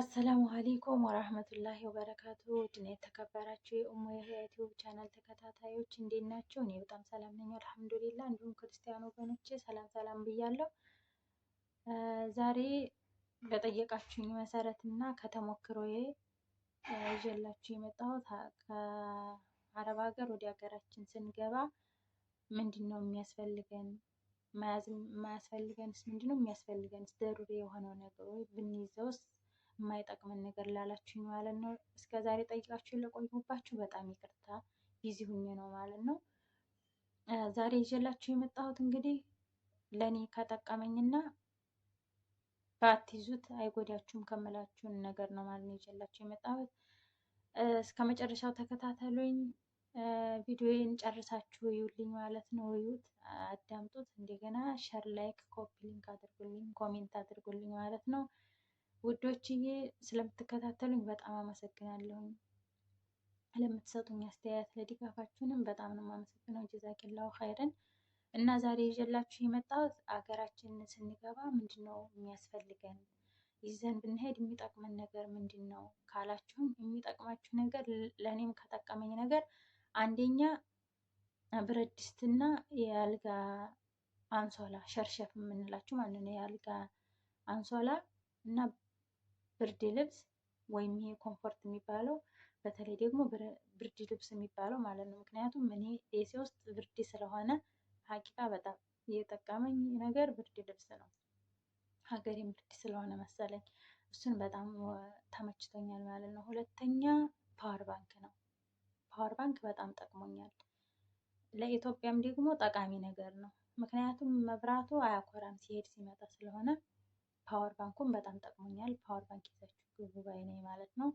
አሰላሙ አሌይኩም ወራህመቱላሂ ወበረካቱ ድና የተከበራችሁ የኡሞ የዩቲዩብ ቻናል ተከታታዮች እንዴት ናቸው? እኔ በጣም ሰላም ነኝ አልሐምዱሊላ። እንዲሁም ክርስቲያን ወገኖቼ ሰላም ሰላም ብያለሁ። ዛሬ በጠየቃችሁኝ መሰረት እና ከተሞክሮዬ ይዤላችሁ የመጣሁት ከአረብ ሀገር ወደ ሀገራችን ስንገባ ምንድን ነው የሚያስፈልገን ማያስፈልገንስ ምንድን ነው የሚያስፈልገንስ ደሩሪ የሆነው ነገር ብንይዘውስ የማይጠቅምን ነገር ላላችሁኝ ማለት ነው። እስከ ዛሬ ጠይቃችሁ ለቆይሁባችሁ በጣም ይቅርታ ቢዚ ሁኜ ነው ማለት ነው። ዛሬ ይዤላችሁ የመጣሁት እንግዲህ ለእኔ ከጠቀመኝና ባትይዙት አይጎዳችሁም ከምላችሁን ነገር ነው ማለት ነው ይዤላችሁ የመጣሁት። እስከ መጨረሻው ተከታተሉኝ። ቪዲዮዬን ጨርሳችሁ ይዩልኝ ማለት ነው። ይዩት፣ አዳምጡት። እንደገና ሸር፣ ላይክ፣ ኮፒ ሊንክ አድርጉልኝ፣ ኮሜንት አድርጉልኝ ማለት ነው። ውዶችዬ ስለምትከታተሉኝ በጣም አመሰግናለሁ። ለምትሰጡኝ አስተያየት ለድጋፋችሁንም በጣም ነው የማመሰግነው። ጀዛኪላሁ ኸይረን እና ዛሬ ይዤላችሁ የመጣሁት አገራችን ስንገባ ምንድን ነው የሚያስፈልገን ይዘን ብንሄድ የሚጠቅመን ነገር ምንድን ነው ካላችሁም፣ የሚጠቅማችሁ ነገር ለእኔም ከጠቀመኝ ነገር አንደኛ ብረት ድስትና የአልጋ አንሶላ ሸርሸፍ የምንላችሁ ማለት ነው። የአልጋ አንሶላ እና ብርድ ልብስ ወይም ይሄ ኮምፎርት የሚባለው በተለይ ደግሞ ብርድ ልብስ የሚባለው ማለት ነው። ምክንያቱም እኔ ኤሲ ውስጥ ብርድ ስለሆነ ሀቂቃ በጣም የጠቀመኝ ነገር ብርድ ልብስ ነው። ሀገሬም ብርድ ስለሆነ መሰለኝ እሱን በጣም ተመችቶኛል ማለት ነው። ሁለተኛ ፓወር ባንክ ነው። ፓወር ባንክ በጣም ጠቅሞኛል። ለኢትዮጵያም ደግሞ ጠቃሚ ነገር ነው። ምክንያቱም መብራቱ አያኮራም ሲሄድ ሲመጣ ስለሆነ ፓወር ባንኩም በጣም ጠቅሞኛል። ፓወር ባንክ ይዛችሁ ግቡ ባይ ነኝ ማለት ነው።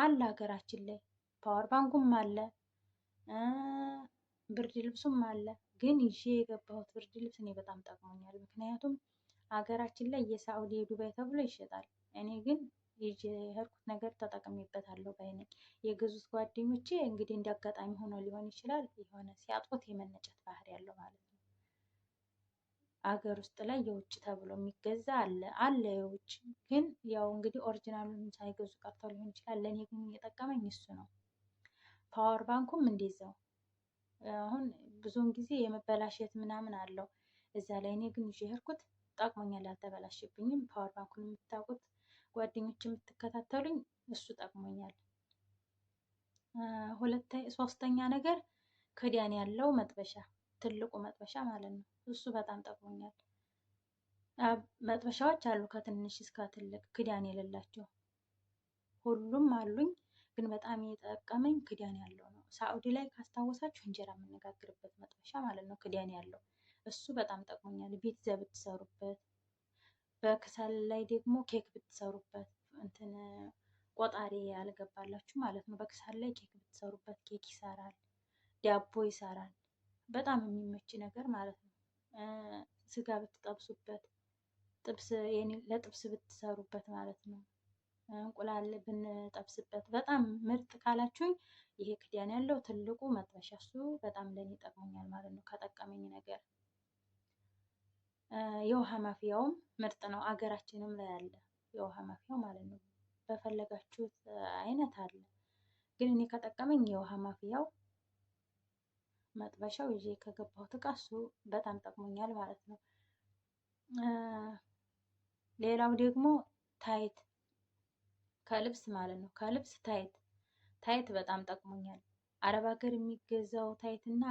አለ ሀገራችን ላይ ፓወር ባንኩም አለ፣ ብርድ ልብሱም አለ። ግን ይዤ የገባሁት ብርድ ልብስ እኔ በጣም ጠቅሞኛል። ምክንያቱም ሀገራችን ላይ የሳዑዲ የዱባይ ተብሎ ይሸጣል። እኔ ግን ይዤ የሄድኩት ነገር ተጠቅሜበታለሁ ባይ ነኝ። የገዙት ጓደኞቼ እንግዲህ እንዳጋጣሚ ሆኖ ሊሆን ይችላል የሆነ ሲያጥፉት የመነጨት ባህሪ ያለው ማለት ነው። አገር ውስጥ ላይ የውጭ ተብሎ የሚገዛ አለ አለ የውጭ ግን ያው እንግዲህ ኦሪጂናሉን ሳይገዙ ቀርቶ ሊሆን ይችላል። ለእኔ ግን እየጠቀመኝ እሱ ነው። ፓወር ባንኩም እንደዛው አሁን ብዙውን ጊዜ የመበላሸት ምናምን አለው እዛ ላይ እኔ ግን ይዤ ሄድኩት ጠቅሞኛል፣ አልተበላሸብኝም። ፓወር ባንኩን የምታውቁት ጓደኞች የምትከታተሉኝ እሱ ጠቅሞኛል። ሁለተኛ ሶስተኛ ነገር ክዳን ያለው መጥበሻ ትልቁ መጥበሻ ማለት ነው። እሱ በጣም ጠቅሞኛል። መጥበሻዎች አሉ ከትንሽ እስከ ትልቅ ክዳን የሌላቸው ሁሉም አሉኝ። ግን በጣም የጠቀመኝ ክዳን ያለው ነው። ሳኡዲ ላይ ካስታወሳችሁ እንጀራ የምንጋግርበት መጥበሻ ማለት ነው፣ ክዳን ያለው እሱ በጣም ጠቅሞኛል። ፒዛ ብትሰሩበት፣ በክሰል ላይ ደግሞ ኬክ ብትሰሩበት እንትን ቆጣሪ ያልገባላችሁ ማለት ነው። በክሰል ላይ ኬክ ብትሰሩበት ኬክ ይሰራል፣ ዳቦ ይሰራል። በጣም የሚመች ነገር ማለት ነው። ስጋ ብትጠብሱበት፣ ጥብስ ለጥብስ ብትሰሩበት ማለት ነው። እንቁላል ብንጠብስበት በጣም ምርጥ ካላችሁኝ ይሄ ክዳን ያለው ትልቁ መጥበሻ እሱ በጣም ለኔ ጠቅሞኛል ማለት ነው። ከጠቀመኝ ነገር የውሃ ማፍያውም ምርጥ ነው። አገራችንም ላይ አለ የውሃ ማፍያው ማለት ነው። በፈለጋችሁት አይነት አለ። ግን እኔ ከጠቀመኝ የውሃ ማፍያው መጥበሻው ይዤ ከገባሁት እቃ እሱ በጣም ጠቅሞኛል ማለት ነው። ሌላው ደግሞ ታይት ከልብስ ማለት ነው። ከልብስ ታይት ታይት በጣም ጠቅሞኛል። አረብ ሀገር የሚገዛው ታይት እና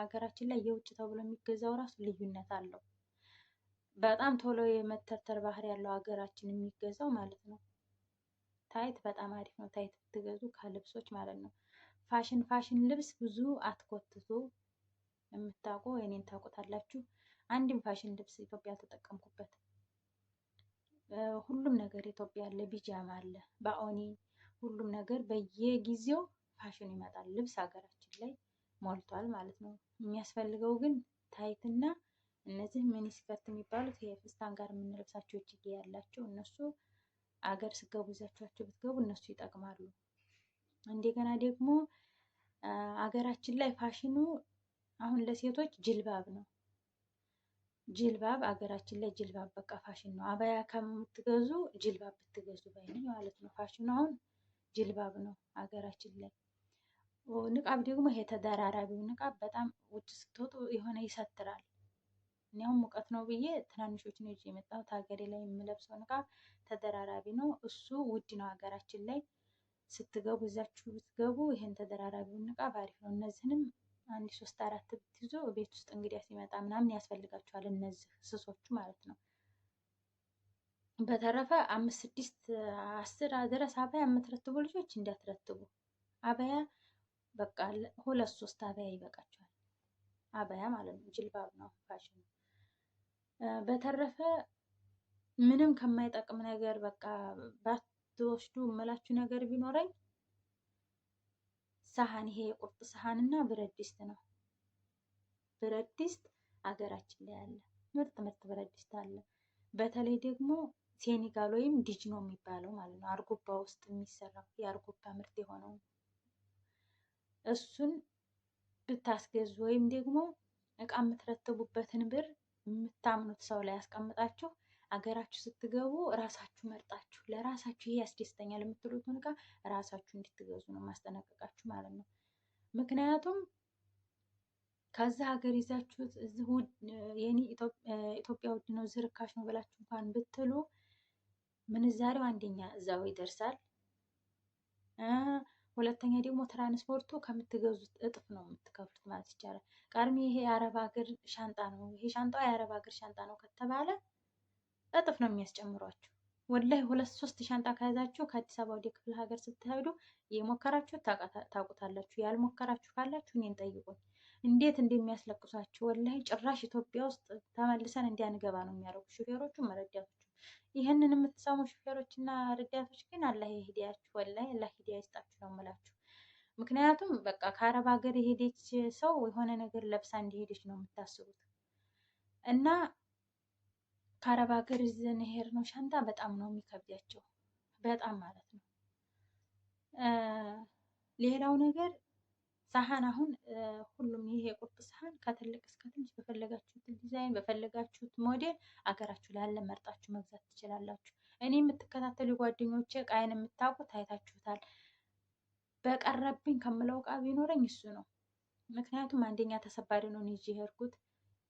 ሀገራችን ላይ የውጭ ተብሎ የሚገዛው ራሱ ልዩነት አለው። በጣም ቶሎ የመተርተር ባህሪ ያለው ሀገራችን የሚገዛው ማለት ነው። ታይት በጣም አሪፍ ነው። ታይት ብትገዙ ከልብሶች ማለት ነው። ፋሽን ፋሽን ልብስ ብዙ አትኮትቱ። የምታውቁ እኔን ታውቁታላችሁ። አንድም ፋሽን ልብስ ኢትዮጵያ አልተጠቀምኩበት። ሁሉም ነገር ኢትዮጵያ አለ፣ ቢጃማ አለ፣ በአሁኒ ሁሉም ነገር በየጊዜው ፋሽን ይመጣል። ልብስ ሀገራችን ላይ ሞልቷል ማለት ነው። የሚያስፈልገው ግን ታይትና እነዚህ ሚኒስከርት የሚባሉት የፍስታን ጋር የምንለብሳቸው እጅጌ ያላቸው እነሱ አገር ስገቡ ይዛችኋቸው ብትገቡ እነሱ ይጠቅማሉ። እንደገና ደግሞ አገራችን ላይ ፋሽኑ አሁን ለሴቶች ጅልባብ ነው። ጅልባብ አገራችን ላይ ጅልባብ በቃ ፋሽን ነው። አበያ ከምትገዙ ጅልባብ ብትገዙ ባይነኝ ማለት ነው። ፋሽኑ አሁን ጅልባብ ነው አገራችን ላይ። ንቃብ ደግሞ ይሄ ተደራራቢው ንቃብ በጣም ውጭ ስትወጡ የሆነ ይሰትራል። እኒያውም ሙቀት ነው ብዬ ትናንሾች ነው ይዤ የመጣሁት ሀገሬ ላይ የምለብሰው ንቃብ ተደራራቢ ነው። እሱ ውድ ነው አገራችን ላይ ስትገቡ እዛችሁ ብትገቡ ይህን ተደራራቢውን እቃ አሪፍ ነው። እነዚህንም አንድ ሶስት አራት ብትይዙ ቤት ውስጥ እንግዲያ ሲመጣ ምናምን ያስፈልጋችኋል። እነዚህ ስሶቹ ማለት ነው። በተረፈ አምስት ስድስት አስር ድረስ አበያ የምትረትቡ ልጆች እንዳትረትቡ። አበያ በቃ ሁለት ሶስት አበያ ይበቃቸዋል። አበያ ማለት ነው ጅልባብ ነው ነው። በተረፈ ምንም ከማይጠቅም ነገር በቃ ብትወስዱ እመላችሁ ነገር ቢኖረኝ ሳህን ይሄ የቁርጥ ሳህን እና ብረት ድስት ነው። ብረት ድስት አገራችን ላይ አለ። ምርጥ ምርጥ ብረት ድስት አለ። በተለይ ደግሞ ሴኔጋል ወይም ዲጅ ነው የሚባለው ማለት ነው። አርጎባ ውስጥ የሚሰራው የአርጎባ ምርት የሆነው እሱን ብታስገዙ ወይም ደግሞ እቃ የምትረትቡበትን ብር የምታምኑት ሰው ላይ ያስቀምጣችሁ አገራችሁ ስትገቡ ራሳችሁ መርጣችሁ ለራሳችሁ ይሄ ያስደስተኛል የምትሉትን እቃ ራሳችሁ እንድትገዙ ነው ማስጠነቀቃችሁ ማለት ነው። ምክንያቱም ከዛ ሀገር ይዛችሁት እዚህ የኔ ኢትዮጵያ ውድ ነው እዚህ ርካሽ ነው ብላችሁ እንኳን ብትሉ ምንዛሬው አንደኛ እዛው ይደርሳል። ሁለተኛ ደግሞ ትራንስፖርቱ ከምትገዙት እጥፍ ነው የምትከፍሉት ማለት ይቻላል። ቀድሜ ይሄ የአረብ ሀገር ሻንጣ ነው ይሄ ሻንጣ የአረብ ሀገር ሻንጣ ነው ከተባለ እጥፍ ነው የሚያስጨምሯችሁ። ወላይ ሁለት ሶስት ሻንጣ ከያዛችሁ ከአዲስ አበባ ወደ ክፍለ ሀገር ስትሄዱ የሞከራችሁ ታውቁታላችሁ። ያልሞከራችሁ ካላችሁ እኔን ጠይቁኝ፣ እንዴት እንደሚያስለቅሷችሁ ወላይ። ጭራሽ ኢትዮጵያ ውስጥ ተመልሰን እንዲያንገባ ነው የሚያደርጉ ሹፌሮቹም ረዳቶቹም። ይህንን የምትሰሙ ሹፌሮች እና ረዳቶች ግን አላህ ሂዳያችሁ፣ ወላይ አላህ ሂዳያ ይስጣችሁ ነው የምላችሁ። ምክንያቱም በቃ ከአረብ ሀገር የሄደች ሰው የሆነ ነገር ለብሳ እንደሄደች ነው የምታስቡት እና ከአረብ ሀገር ይዘን ነው ሻንጣ በጣም ነው የሚከብዳቸው፣ በጣም ማለት ነው። ሌላው ነገር ሳህን፣ አሁን ሁሉም ይሄ የቁርጥ ሳህን ከትልቅ እስከ ትንሽ በፈለጋችሁት ዲዛይን በፈለጋችሁት ሞዴል አገራችሁ ላይ መርጣችሁ መግዛት ትችላላችሁ። እኔ የምትከታተሉ ጓደኞቼ እቃዬን የምታውቁ ታይታችሁታል። በቀረብኝ ከምለው እቃ ቢኖረኝ እሱ ነው። ምክንያቱም አንደኛ ተሰባሪ ነው ይዤ የሄድኩት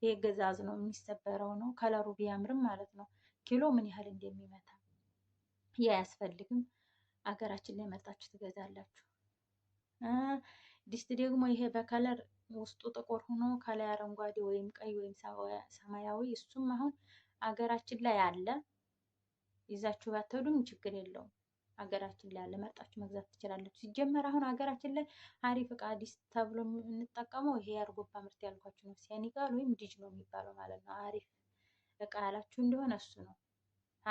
ይሄ ገዛዝ ነው የሚሰበረው ነው። ከለሩ ቢያምርም ማለት ነው። ኪሎ ምን ያህል እንደሚመታ ይህ አያስፈልግም። አገራችን ላይ መጣችሁ ትገዛላችሁ። ድስት ደግሞ ይሄ በከለር ውስጡ ጥቁር ሆኖ ከላይ አረንጓዴ ወይም ቀይ ወይም ሰማያዊ እሱም አሁን አገራችን ላይ አለ። ይዛችሁ ባትሄዱም ችግር የለውም። ሀገራችን ላይ ያለ መርጣችሁ መግዛት ትችላላችሁ። ሲጀመር አሁን ሀገራችን ላይ አሪፍ እቃ አዲስ ተብሎ የምንጠቀመው ይሄ የአርጎባ ምርት ያልኳችሁ ነው። ሴኔጋል ወይም ዲጅ ነው የሚባለው ማለት ነው። አሪፍ እቃ ያላችሁ እንደሆነ እሱ ነው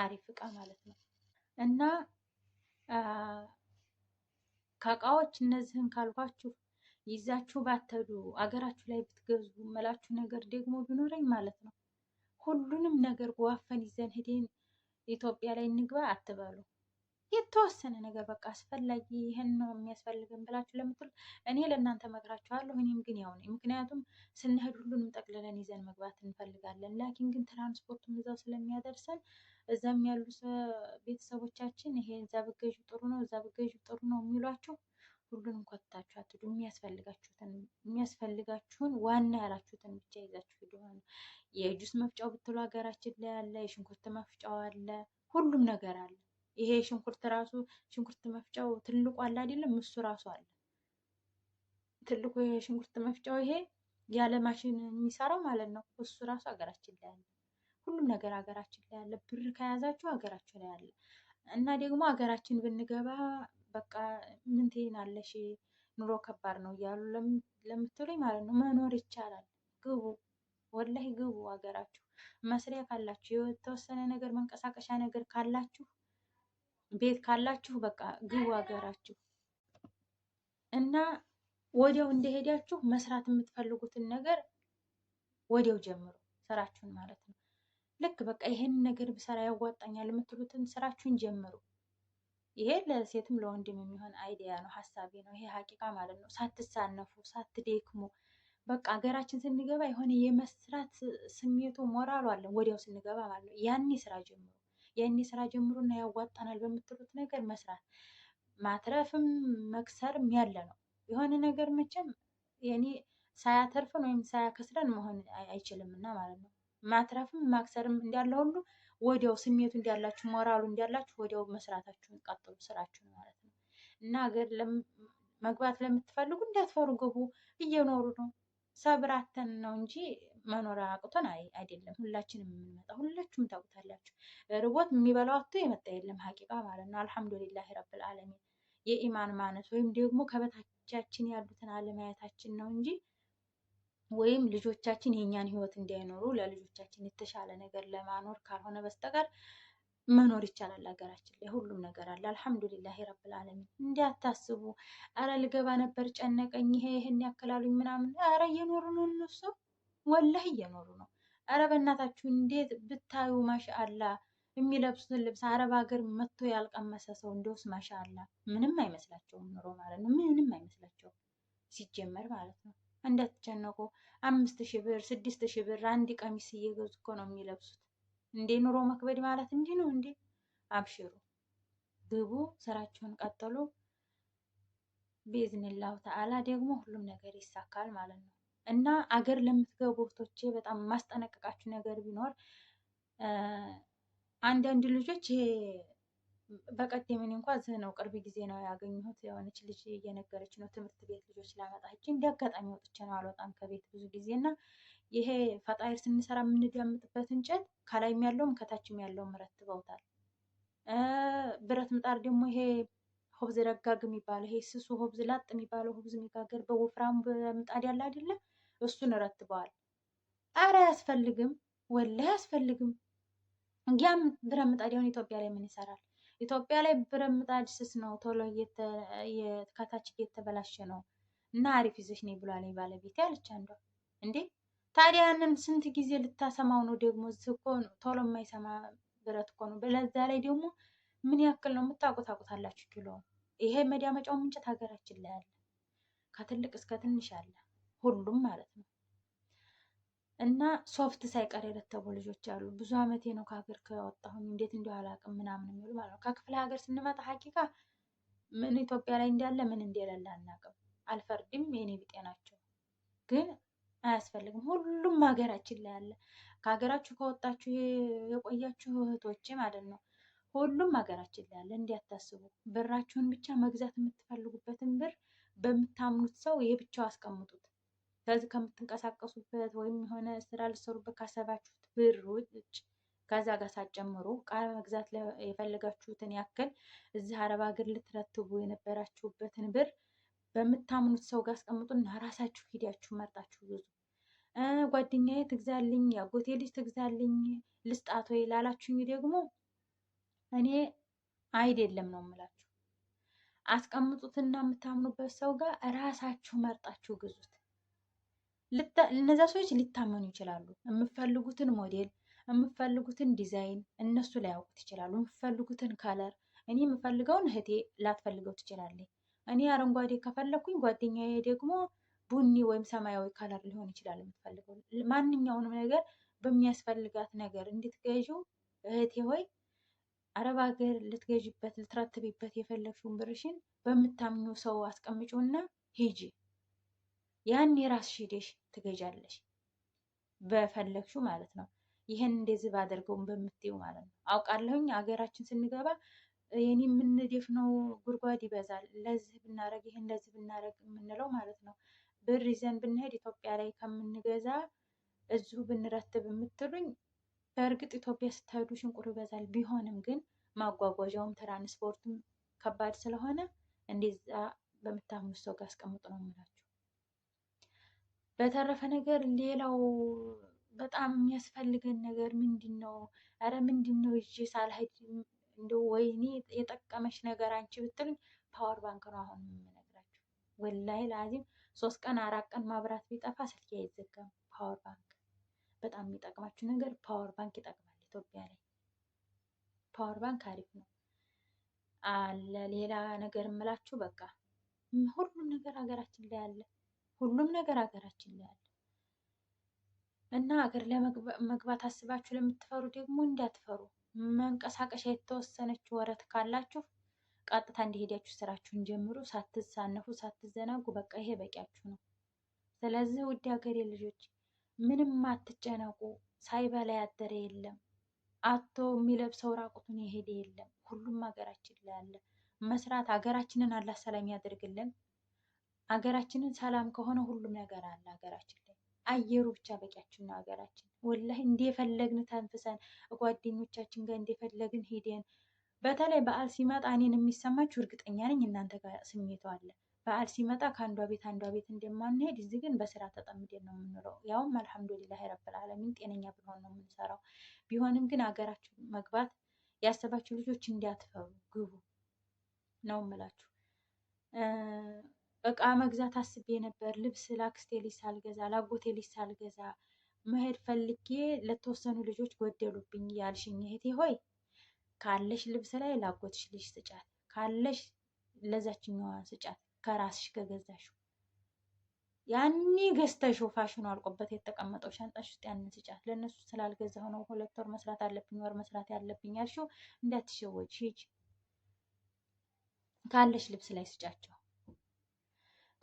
አሪፍ እቃ ማለት ነው። እና ከእቃዎች እነዚህን ካልኳችሁ ይዛችሁ ባትሄዱ አገራችሁ ላይ ብትገዙ መላችሁ ነገር ደግሞ ቢኖረኝ ማለት ነው ሁሉንም ነገር ጎዋፈን ይዘን ሄደን ኢትዮጵያ ላይ እንግባ አትበሉ። የተወሰነ ነገር በቃ አስፈላጊ ይህን ነው የሚያስፈልገን ብላችሁ ለምትሉ እኔ ለእናንተ መክራችኋለሁ። እኔም ግን ያው ነኝ። ምክንያቱም ስንሄድ ሁሉንም ጠቅልለን ይዘን መግባት እንፈልጋለን። ላኪን ግን ትራንስፖርቱን እዛው ስለሚያደርሰን እዛም ያሉ ቤተሰቦቻችን ይሄ እዛ ብገዥ ጥሩ ነው፣ እዛ ብገዥ ጥሩ ነው የሚሏችሁ ሁሉንም ኮትታችሁ አትዱ የሚያስፈልጋችሁትን የሚያስፈልጋችሁን ዋና ያላችሁትን ብቻ ይዛችሁ ሂዱ። የጁስ መፍጫው ብትሉ ሀገራችን ላይ አለ፣ የሽንኩርት መፍጫው አለ፣ ሁሉም ነገር አለ። ይሄ ሽንኩርት ራሱ ሽንኩርት መፍጫው ትልቁ አለ አይደለም፣ እሱ ራሱ አለ ትልቁ ይሄ ሽንኩርት መፍጫው ይሄ ያለ ማሽን የሚሰራው ማለት ነው። እሱ ራሱ ሀገራችን ላይ አለ። ሁሉም ነገር ሀገራችን ላይ አለ። ብር ከያዛችሁ ሀገራችሁ ላይ አለ እና ደግሞ ሀገራችን ብንገባ በቃ ምን ትይናለሽ፣ ኑሮ ከባድ ነው እያሉ ለምትሉኝ ማለት ነው መኖር ይቻላል። ግቡ፣ ወላሂ ግቡ ሀገራችሁ መስሪያ ካላችሁ የተወሰነ ነገር መንቀሳቀሻ ነገር ካላችሁ ቤት ካላችሁ በቃ ግቡ ሀገራችሁ እና ወዲያው እንደሄዳችሁ መስራት የምትፈልጉትን ነገር ወዲያው ጀምሩ ስራችሁን ማለት ነው። ልክ በቃ ይሄን ነገር ብሰራ ያዋጣኛል የምትሉትን ስራችሁን ጀምሩ። ይሄ ለሴትም ለወንድም የሚሆን አይዲያ ነው፣ ሀሳቤ ነው። ይሄ ሀቂቃ ማለት ነው። ሳትሳነፉ ሳትደክሙ በቃ ሀገራችን ስንገባ የሆነ የመስራት ስሜቱ ሞራሉ አለን። ወዲያው ስንገባ ማለት ነው። ያኔ ስራ ጀምሩ። የእኔ ስራ እና ያዋጣናል በምትሉት ነገር መስራት ማትረፍም መክሰርም ያለ ነው። የሆነ ነገር መቼም የኔ ሳያተርፈን ወይም ሳያከስረን መሆን አይችልም እና ማለት ነው። ማትረፍም ማክሰርም እንዳለ ሁሉ ወዲያው ስሜቱ እንዳላችሁ ሞራሉ እንዳላችሁ ወዲያው መስራታችሁን ቀጥሉ፣ ስራችሁን ማለት ነው እና ሀገር መግባት ለምትፈልጉ እንዳትፈሩ ግቡ። እየኖሩ ነው ሰብራተን ነው እንጂ መኖር አቅቶን አይደለም። ሁላችንም የምንመጣ ሁላችሁም ታውቁታላችሁ። ርቦት የሚበላው አቶ የመጣ የለም ሀቂቃ ማለት ነው። አልሐምዱሊላህ ረብል ዓለሚን የኢማን ማነት ወይም ደግሞ ከበታቻችን ያሉትን አለማየታችን ነው እንጂ ወይም ልጆቻችን የእኛን ህይወት እንዳይኖሩ ለልጆቻችን የተሻለ ነገር ለማኖር ካልሆነ በስተቀር መኖር ይቻላል። ሀገራችን ላይ ሁሉም ነገር አለ። አልሐምዱሊላህ ረብል ዓለሚን እንዲያታስቡ። አረ ልገባ ነበር ጨነቀኝ፣ ይሄ ይህን ያክላሉኝ ምናምን። አረ እየኖሩ ነው እነሱ ወላህ እየኖሩ ነው። ኧረ በእናታችሁ እንዴት ብታዩ ማሻአላ የሚለብሱትን ልብስ አረብ ሀገር መጥቶ ያልቀመሰ ሰው እንደውስ ማሻአላ ምንም አይመስላቸውም ኑሮ ማለት ነው። ምንም አይመስላቸውም ሲጀመር ማለት ነው። እንዳትጨነቁ አምስት ሺህ ብር ስድስት ሺህ ብር አንድ ቀሚስ እየገዙ እኮ ነው የሚለብሱት። እንዴ ኑሮ መክበድ ማለት እንዲህ ነው እንዴ? አብሽሩ፣ ግቡ፣ ስራችሁን ቀጥሉ። ቢዝንላሁ ተዓላ ደግሞ ሁሉም ነገር ይሳካል ማለት ነው። እና አገር ለምትገቡ እህቶቼ በጣም የማስጠነቀቃችሁ ነገር ቢኖር አንዳንድ ልጆች ይሄ በቀደም እኔ እንኳ ዝህ ነው ቅርብ ጊዜ ነው ያገኘሁት። የሆነች ልጅ እየነገረች ነው ትምህርት ቤት ልጆች ላመጣ ሂጅ እንደ አጋጣሚ ወጥቼ ነው አልወጣም ከቤት ብዙ ጊዜ እና ይሄ ፈጣሪ ስንሰራ የምንዳምጥበት እንጨት ከላይም ያለውም ከታችም ያለውም ረትበውታል። ብረት ምጣድ ደግሞ ይሄ ሆብዝ ረጋግ የሚባለው ይሄ ስሱ ሆብዝ ላጥ የሚባለው ሆብዝ የሚጋገር በወፍራም ምጣድ ያለ አይደለም እሱን ረትበዋል። አረ አያስፈልግም፣ ወላሂ አያስፈልግም። ያም ብረት ምጣድ ኢትዮጵያ ላይ ምን ይሰራል? ኢትዮጵያ ላይ ብረት ምጣድ ስስ ነው፣ ቶሎ ከታች እየተበላሸ ነው። እና አሪፍ ይዘሽ ነይ ብሏል ባለቤቴ አለች አንዷ። እንዴ ታዲያ ያንን ስንት ጊዜ ልታሰማው ነው ደግሞ? እዚህ እኮ ቶሎ የማይሰማ ብረት እኮ ነው። በለዛ ላይ ደግሞ ምን ያክል ነው የምታውቁ ታውቁታላችሁ ኪሎ። ይሄ መዳመጫው ምንጭት ሀገራችን ላይ አለ፣ ከትልቅ እስከ ትንሽ አለ። ሁሉም ማለት ነው። እና ሶፍት ሳይቀር የረተቡ ልጆች አሉ። ብዙ አመቴ ነው ከሀገር ከወጣሁኝ እንዴት እንዲ አላውቅም ምናምን የሚሉ ማለት ነው። ከክፍለ ሀገር ስንመጣ ሀቂቃ ምን ኢትዮጵያ ላይ እንዳለ ምን እንደሌለ አናውቅም። አልፈርድም፣ የኔ ቢጤ ናቸው። ግን አያስፈልግም፣ ሁሉም ሀገራችን ላይ አለ። ከሀገራችሁ ከወጣችሁ የቆያችሁ እህቶች ማለት ነው፣ ሁሉም ሀገራችን ላይ አለ። እንዲያታስቡ ብራችሁን ብቻ መግዛት የምትፈልጉበትን ብር በምታምኑት ሰው የብቻው አስቀምጡት። ስለዚህ ከምትንቀሳቀሱበት ወይም የሆነ ስራ ልትሰሩበት ካሰባችሁት ብር ውጭ ከዛ ጋር ሳትጨምሩ ዕቃ መግዛት የፈለጋችሁትን ያክል እዚህ አረብ ሀገር ልትረትቡ የነበራችሁበትን ብር በምታምኑት ሰው ጋር አስቀምጡና ራሳችሁ ሂዳችሁ መርጣችሁ ግዙ። ጓደኛዬ ትግዛልኝ፣ ያጎቴ ልጅ ትግዛልኝ፣ ልስጣት ወይ ላላችሁኝ ደግሞ እኔ አይደለም ነው የምላችሁ። አስቀምጡትና የምታምኑበት ሰው ጋር ራሳችሁ መርጣችሁ ግዙት። እነዛ ሰዎች ሊታመኑ ይችላሉ። የምፈልጉትን ሞዴል፣ የምፈልጉትን ዲዛይን እነሱ ላያውቁት ይችላሉ። የምፈልጉትን ከለር እኔ የምፈልገውን እህቴ ላትፈልገው ትችላለች። እኔ አረንጓዴ ከፈለኩኝ ጓደኛዬ ደግሞ ቡኒ ወይም ሰማያዊ ከለር ሊሆን ይችላል የምፈልገው ማንኛውንም ነገር በሚያስፈልጋት ነገር እንድትገዢው እህቴ ሆይ አረብ ሀገር ልትገዥበት ልትረትቢበት የፈለግሽውን ብርሽን በምታምኙ ሰው አስቀምጪውና ሂጂ። ያኔ የራስ ሄደሽ ትገዣለሽ በፈለግሽው ማለት ነው። ይህን እንደዚህ ባደርገውን በምትይው ማለት ነው። አውቃለሁኝ አገራችን ስንገባ የኔ የምንደፍ ነው ጉድጓድ ይበዛል። ለዚህ ብናረግ ይህ ለዚህ ብናረግ የምንለው ማለት ነው። ብር ይዘን ብንሄድ ኢትዮጵያ ላይ ከምንገዛ እዚሁ ብንረትብ የምትሉኝ። በእርግጥ ኢትዮጵያ ስትሄዱ ሽንቁር ይበዛል። ቢሆንም ግን ማጓጓዣውም ትራንስፖርቱም ከባድ ስለሆነ እንደዛ በምታምኑት ሰው ጋር አስቀምጡ ነው የምላቸው። በተረፈ ነገር ሌላው በጣም የሚያስፈልገን ነገር ምንድን ነው? ኧረ ምንድን ነው ይዤ ሳልሄድ እንደው ወይኔ የጠቀመች ነገር አንቺ ብትሉኝ ፓወር ባንክ ነው አሁን የምነግራችሁ። ወላሂ ለአዚም ሶስት ቀን አራት ቀን ማብራት ቢጠፋ ስልክ አይዘጋም። ፓወር ባንክ በጣም የሚጠቅማችሁ ነገር ፓወር ባንክ ይጠቅማል። ኢትዮጵያ ላይ ፓወር ባንክ አሪፍ ነው አለ። ሌላ ነገር የምላችሁ በቃ ሁሉም ነገር ሀገራችን ላይ አለ። ሁሉም ነገር ሀገራችን ላይ አለ እና ሀገር ለመግባት አስባችሁ ለምትፈሩ ደግሞ እንዳትፈሩ። መንቀሳቀሻ የተወሰነች ወረት ካላችሁ ቀጥታ እንደሄዳችሁ ስራችሁን ጀምሩ፣ ሳትሳነፉ ሳትዘናጉ። በቃ ይሄ በቂያችሁ ነው። ስለዚህ ውድ ሀገሬ ልጆች ምንም አትጨነቁ። ሳይበላ ያደረ የለም፣ አቶ የሚለብሰው ራቁቱን የሄደ የለም። ሁሉም ሀገራችን ላይ አለ። መስራት ሀገራችንን አላህ ሰላም ያደርግልን። አገራችንን ሰላም ከሆነ ሁሉም ነገር አለ። ሀገራችን ላይ አየሩ ብቻ በቂያችን ነው። ሀገራችን ወላሂ እንደፈለግን ተንፍሰን ጓደኞቻችን ጋር እንደፈለግን ሄደን፣ በተለይ በዓል ሲመጣ እኔን የሚሰማችሁ እርግጠኛ ነኝ እናንተ ጋር ስሜቱ አለ። በዓል ሲመጣ ከአንዷ ቤት አንዷ ቤት እንደማንሄድ እዚህ ግን በስራ ተጠምደን ነው የምንውለው። ያውም አልሐምዱሊላህ ረብል ዓለሚን ጤነኛ ብንሆን ነው የምንሰራው። ቢሆንም ግን ሀገራችሁ መግባት ያሰባችሁ ልጆች እንዲያትፈሩ ግቡ ነው የምላችሁ። እቃ መግዛት አስቤ ነበር። ልብስ ለአክስቴ ልጅ ሳልገዛ ለአጎቴ ልጅ ሳልገዛ መሄድ ፈልጌ ለተወሰኑ ልጆች ጎደሉብኝ ያልሽኝ እህቴ ሆይ ካለሽ ልብስ ላይ ላጎትሽ ልጅ ስጫት፣ ካለሽ ለዛችኛዋ ስጫት፣ ከራስሽ ከገዛሽው ያኔ ገዝተሽው ፋሽኑ አልቆበት የተቀመጠው ሻንጣሽ ውስጥ ያንን ስጫት። ለእነሱ ስላልገዛ ሆነው ሁለት ወር መስራት አለብኝ ወር መስራት ያለብኝ ያልሽው እንዳትሸወጂ፣ ሂጂ ካለሽ ልብስ ላይ ስጫቸው።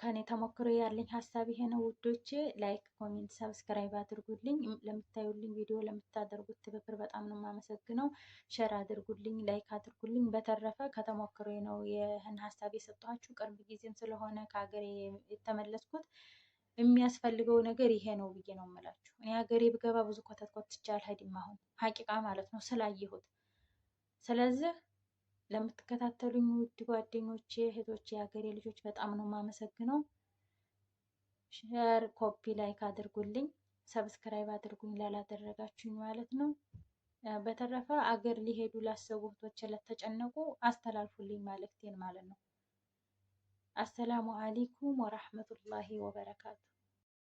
ከኔ ተሞክሮ ያለኝ ሀሳብ ይሄ ነው ውዶች። ላይክ፣ ኮሜንት፣ ሰብስክራይብ አድርጉልኝ። ለምታዩልኝ ቪዲዮ ለምታደርጉት ትብብር በጣም ነው የማመሰግነው። ሸር አድርጉልኝ፣ ላይክ አድርጉልኝ። በተረፈ ከተሞክሮ ነው ይህን ሀሳብ የሰጠኋችሁ። ቅርብ ጊዜም ስለሆነ ከሀገሬ የተመለስኩት የሚያስፈልገው ነገር ይሄ ነው ብዬ ነው የምላችሁ። እኔ ሀገሬ ብገባ ብዙ ኮተት ኮትቼ አልሄድም። አሁን ሀቂቃ ማለት ነው ስላየሁት ስለዚህ ለምትከታተሉኝ ውድ ጓደኞቼ፣ እህቶቼ፣ የሀገሬ ልጆች በጣም ነው የማመሰግነው። ሼር፣ ኮፒ፣ ላይክ አድርጉልኝ። ሰብስክራይብ አድርጉኝ ላላደረጋችሁኝ ማለት ነው። በተረፈ አገር ሊሄዱ ላሰቡ እህቶቼ ለተጨነቁ አስተላልፉልኝ መልእክቴን ማለት ነው። አሰላሙ አሌይኩም ወራህመቱላሂ ወበረካቱ።